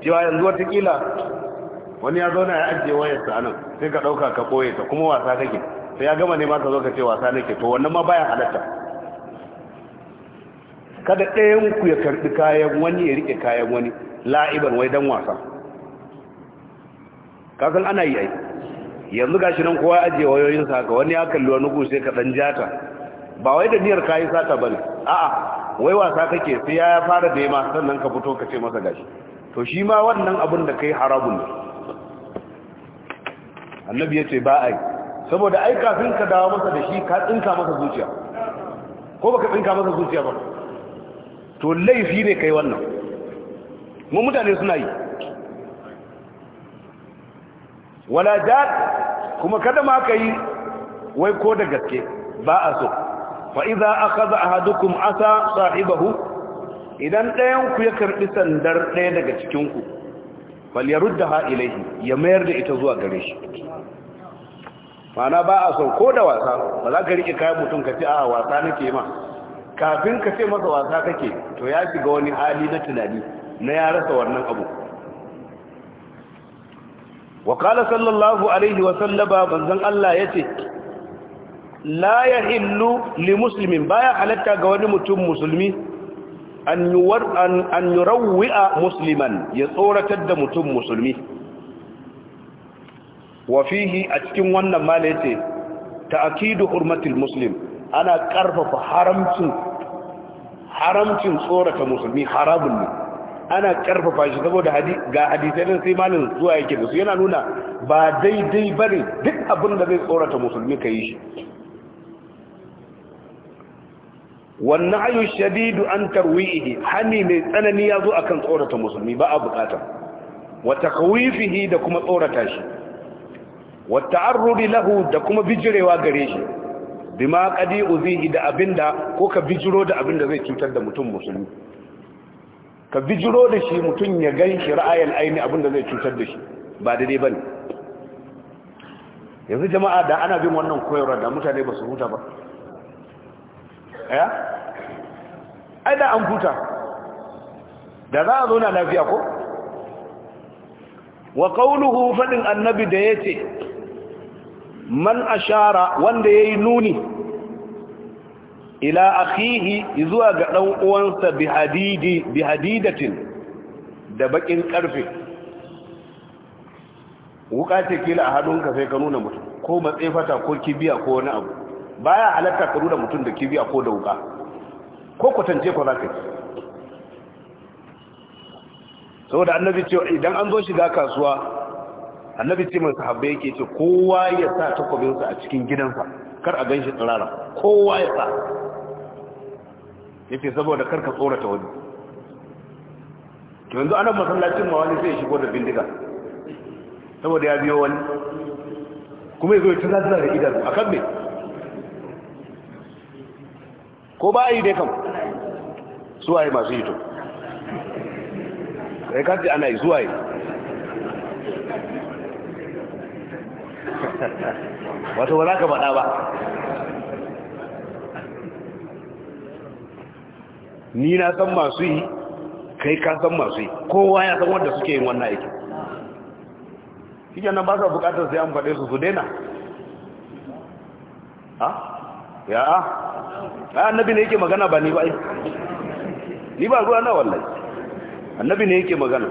cewa yanzu watakila wani ya zauna ya ajiye wayarsa anan sai ka ɗauka ka ɓoye ta kuma wasa kake sai ya gama ne ma ka zo ka ce wasa nake to wannan ma bayan halatta kada ɗayan ku ya karɓi kayan wani ya riƙe kayan wani la'iban wai don wasa kasan ana yi ai yanzu gashi nan kowa ajiye wayoyin saka wani ya kalli wani ku sai ka ɗan jata ba wai da niyyar kayi sata bane a'a wai wasa kake sai ya fara da ma sannan ka fito ka ce masa gashi to shi ma wannan abin da kai harabun ne annabi ce ba ai saboda ai kafin ka dawo masa da shi ka tsinka masa zuciya ko baka tsinka masa zuciya ba to laifi ne kai wannan mu mutane suna yi wala jad kuma kada ma ka yi wai ko da gaske ba a so fa idza akhadha ahadukum asa sahibahu idan ɗayan ku ya karbi sandar ɗaya daga cikin ku fal yaruddaha ilayhi ya mayar da ita zuwa gare shi mana ba a so ko da wasa ba za ka rike kayan mutum ka ce a wasa nake ma kafin ka ce masa wasa kake to ya shiga wani hali na tunani na ya rasa wannan abu wa qala sallallahu alaihi wa sallaba manzon Allah yace la yahillu li muslimin baya halatta ga wani mutum musulmi an yuwar an yurawwi'a musliman ya tsoratar da mutum musulmi wa fihi a cikin wannan mala yace ta'kidu hurmatil muslim ana ƙarfafa haramcin haramcin tsorata musulmi haramun ne ana ƙarfafa shi saboda ga hadisai sai malin zuwa yake da su yana nuna ba daidai ne duk abin da zai tsorata musulmi ka yi shi wannan ayu shadidu an tarwi'ihi hani mai tsanani ya zo akan tsorata musulmi ba a bukata wata kawifihi da kuma tsorata shi Wata ta'arrudi lahu da kuma bijirewa gare shi bima kadi uzihi da abinda ko ka bijiro da abinda zai cutar da mutum musulmi ka bijiro da shi mutum ya gan shi ra'ayin aini abinda zai cutar da shi ba daidai bane yanzu jama'a da ana bin wannan koyarwa da mutane ba su huta ba eh ai da an huta da za a zo na lafiya ko wa qawluhu fadin annabi da yace man ashara wanda yayi nuni ila akhihi zuwa ga dan uwansa bi hadidi bi hadidatin da bakin karfe wuka ce kila a hadunka sai ka nuna mutum ko fata ko kibiya ko wani abu baya halatta ka nuna mutum da kibiya ko da wuka ko kwatance ko zaka saboda annabi ce idan an zo shiga kasuwa annabi ce mai sahabbai yake ce kowa ya sa takobinsa a cikin gidansa kar a gan shi tsirara kowa ya sa yake saboda kar ka tsorata wani to yanzu ana masallacin ma wani sai shigo da bindiga saboda ya biyo wani kuma ya zo ta zazzara da idanu a kan me ko ba a yi dai kan suwaye masu yi to ya kaji ana yi suwaye wato ba za ka faɗa ba ni na san masu yi kai ka san masu yi kowa ya san wanda suke yin wannan aiki? shi nan ba sa bukatar sai an faɗe su su daina ha ya a annabi ne yake magana ba ni ba ni ba ruwa na wallai annabi ne yake magana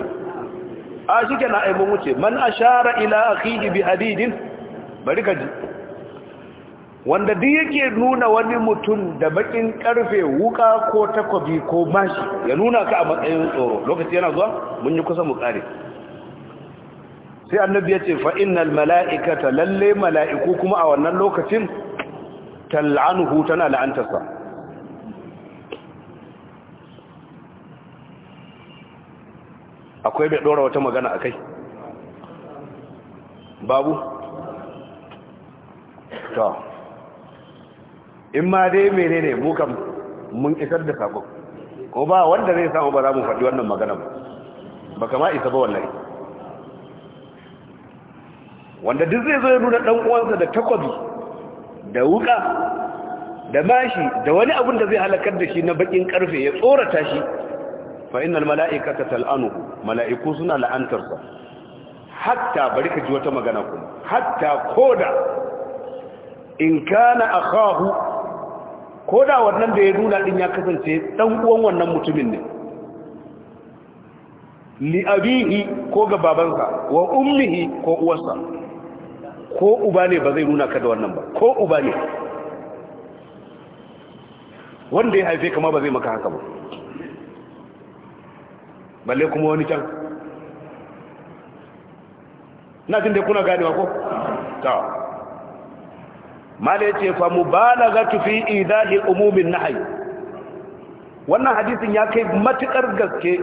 a shi kenan aibin wuce man ashara ila akhihi bi hadidin bari ka ji wanda duk yake nuna wani mutum da bakin karfe wuka ko takobi ko mashi ya nuna ka a matsayin tsoro lokaci yana zuwa mun yi kusa mu kare sai annabi ya ce fa innal mala'ikata lalle mala'iku kuma a wannan lokacin tal'anuhu tana la'antarsa akwai bai dora wata magana akai babu to in ma dai menene mu kam mun isar da sako ko ba wanda zai samu ba za mu faɗi wannan magana ba kama isa ba wallahi wanda duk zai zo ya nuna ɗan'uwansa uwansa da takwabi da wuka da mashi da wani abin da zai halakar da shi na bakin karfe ya tsorata shi fa innal mala'ikata tal'anu mala'iku suna la'antarsa hatta bari ka ji wata magana kuma hatta koda in kana akhahu ko da wannan da ya nuna din ya kasance dan uwan wannan mutumin ne li abihi ko ga babansa wa ummihi ko uwarsa ko uba ne ba zai nuna ka da wannan ba ko uba ne wanda ya haife kama ba zai maka haka ba balle kuma wani can na jin da kuna ganewa ko? ta malai ce fa mubalaghatu fi idahi umumin nahyi wannan hadisin ya kai matukar gaske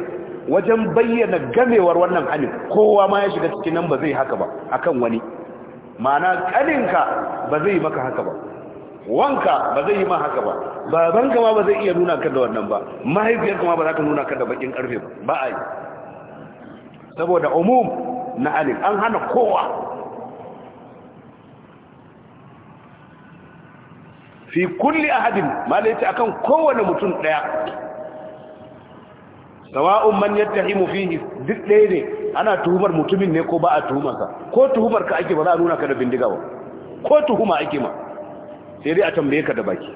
wajen bayyana gamewar wannan hanin kowa ma ya shiga cikin nan ba zai haka ba akan wani ma'ana kaninka ba zai maka haka ba wanka ba zai yi ma haka ba babanka ma ba zai iya nuna ka da wannan ba mahaifiyarka ma ba za ka nuna ka da bakin karfe ba ba a yi saboda umum na alif an hana kowa fi kulli ahadin da yace akan kowane mutum daya sawa'un man yattahimu fihi duk ɗaya ne ana tuhumar mutumin ne ko ba a tuhumar ka ko tuhumar ka ake ba za a nuna ka da bindiga ba ko tuhuma ake ma sai dai a tambaye ka da baki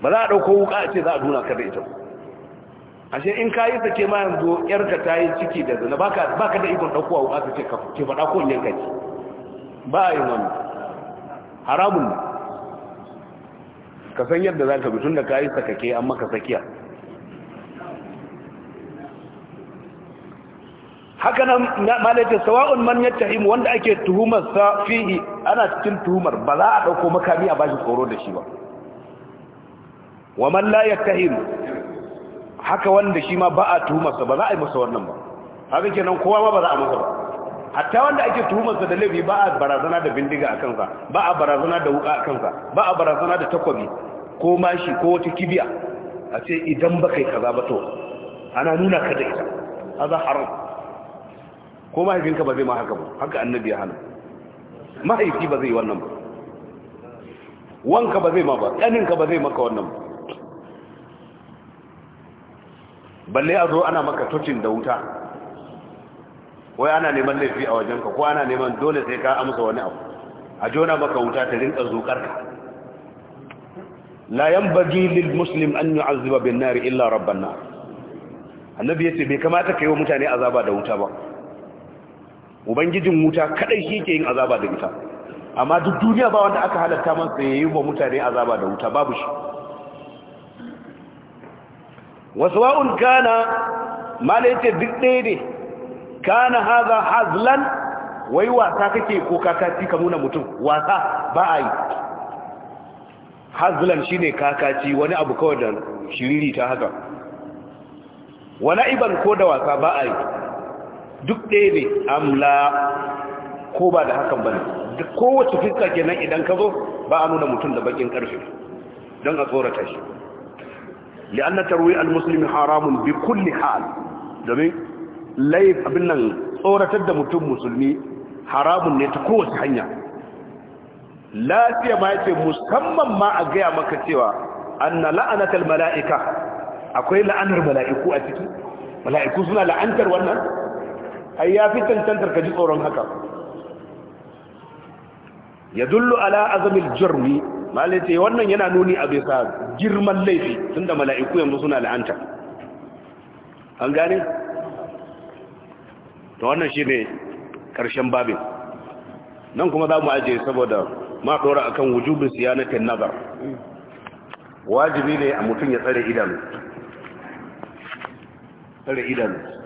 ba za a ɗauko wuka a ce za a nuna ka da ita ashe in ka yi sake ma yanzu yarka ta yi ciki da zuna baka baka da ikon dauko wuka ta ce ka ke faɗa ko in yanka ba a yi wani haramun ne ka san yadda za ka bi tun da ka yi sakake an maka tsakiya haka nan malaita sawa'un man yattahim wanda ake tuhumar sa fihi ana cikin tuhumar ba za a ɗauko makami a bashi tsoro da shi ba wa man la yattahim haka wanda shi ma ba a tuhumar sa ba za a yi masa wannan ba haka kenan kowa ma ba za a masa ba hatta wanda ake tuhumarsa da laifi ba a barazana da bindiga a kansa ba a barazana da wuka a kansa ba a barazana da takwabi ko mashi ko wata kibiya a ce idan ba kai kaza ba to ana nuna ka da ita haza haram ko mahaifinka ba zai ma haka ba haka annabi ya hana mahaifi ba zai wannan ba wanka ba zai ma ba ƙaninka ba zai maka wannan ba balle a zo ana maka tocin da wuta ko ana neman laifi a wajenka ko ana neman dole sai ka amsa wani abu a jona maka wuta ta rinka zukar ka la yanbaghi lil muslim an yu'azziba bin nar illa rabban nar annabi yace bai kamata kai wa mutane azaba da wuta ba ubangijin wuta kadai shi ke yin azaba da wuta. amma duk duniya ba wanda aka halatta masa yayi wa mutane azaba da wuta babu shi wasawa'un kana mala yace duk ɗaya ne kana haza hazlan wai wasa kake ko kakaci ka nuna mutum wasa ba a yi hazlan shine kakaci wani abu kawai da shiriri ta haka wani iban ko da wasa ba a yi duk ɗaya ne amla ko ba da hakan ba ne kowace fiska kenan idan ka zo ba a nuna mutum da bakin ƙarfi don a tsorata shi li'anna tarwi al-muslimi haramun bi kulli hal domin laif abin nan tsoratar da mutum musulmi haramun ne ta kowace hanya lafiya ma ya ce musamman ma a gaya maka cewa na la'anatar mala'ika akwai la'anar mala'iku a ciki mala'iku suna la'antar wannan ai ya fi tantantar ka ji tsoron haka ya dullu ala azamil jarmi malaita wannan yana nuni a bisa girman laifi tunda mala'iku yanzu suna la'anta an gane ta wannan shi ne ƙarshen babin nan kuma za mu ajiye saboda ma ɗora kan wujubin siyanatin nazar wajibi ne a mutum ya tsare idanu tsare idanu